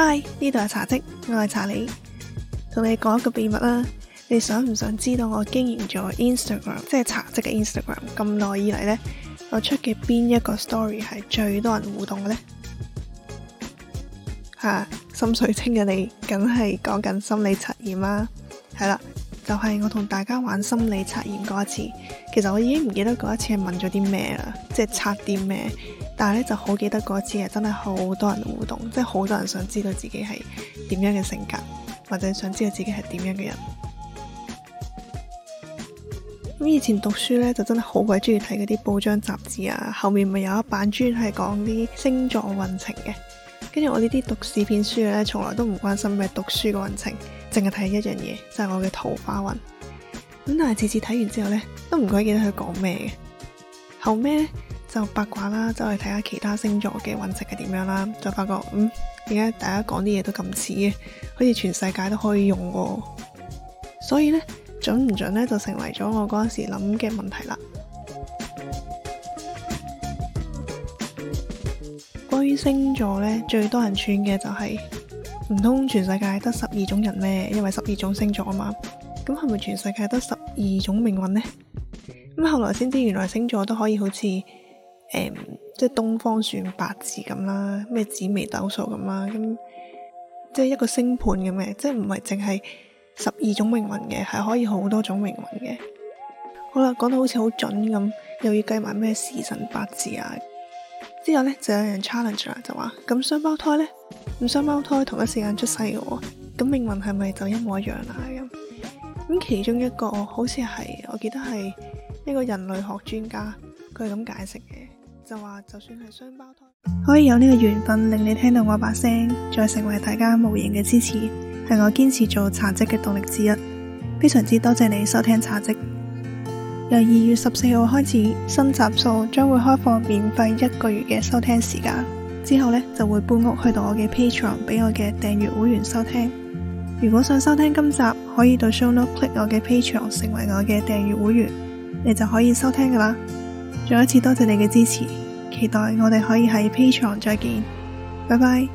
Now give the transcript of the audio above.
Hi，呢度係茶嘖，我係茶理。同你講一個秘密啦。你想唔想知道我經營咗 Instagram，即係茶嘖嘅 Instagram 咁耐以嚟呢，我出嘅邊一個 story 係最多人互動嘅呢？吓、啊，心水清嘅你，梗係講緊心理測驗啦，係啦。就係我同大家玩心理測驗嗰一次，其實我已經唔記得嗰一次係問咗啲咩啦，即係測啲咩，但係咧就好記得嗰次係真係好多人互動，即係好多人想知道自己係點樣嘅性格，或者想知道自己係點樣嘅人。咁以前讀書咧就真係好鬼中意睇嗰啲報章雜誌啊，後面咪有一版專係講啲星座運程嘅。跟住我呢啲讀史片書嘅咧，從來都唔關心咩讀書嘅運程，淨係睇一樣嘢，就係、是、我嘅桃花運。咁但係次次睇完之後呢，都唔鬼記得佢講咩嘅。後尾就八卦啦，就去睇下其他星座嘅運勢係點樣啦，就發覺嗯，點解大家講啲嘢都咁似嘅，好似全世界都可以用喎。所以呢，準唔準呢，就成為咗我嗰陣時諗嘅問題啦。關於星座咧，最多人串嘅就係，唔通全世界得十二種人咩？因為十二種星座啊嘛，咁係咪全世界得十二種命運呢？咁後來先知，原來星座都可以好似即係東方算八字咁啦，咩紫微斗數咁啦，咁即係一個星盤咁嘅，即係唔係淨係十二種命運嘅，係可以好多種命運嘅。好啦，講到好似好準咁，又要計埋咩時辰八字啊？之後咧就有人 challenge 啦，就話咁雙胞胎呢？咁雙胞胎同一時間出世嘅喎，咁命運係咪就一模一樣啦咁？咁其中一個好似係我記得係一個人類學專家，佢係咁解釋嘅，就話就算係雙胞胎，可以有呢個緣分令你聽到我把聲，再成為大家無形嘅支持，係我堅持做茶嘖嘅動力之一，非常之多謝你收聽茶嘖。由二月十四號開始，新集數將會開放免費一個月嘅收聽時間，之後呢，就會搬屋去到我嘅 Patreon 俾我嘅訂閱會員收聽。如果想收聽今集，可以到 show note click 我嘅 Patreon 成為我嘅訂閱會員，你就可以收聽噶啦。再一次多謝你嘅支持，期待我哋可以喺 Patreon 再見，拜拜。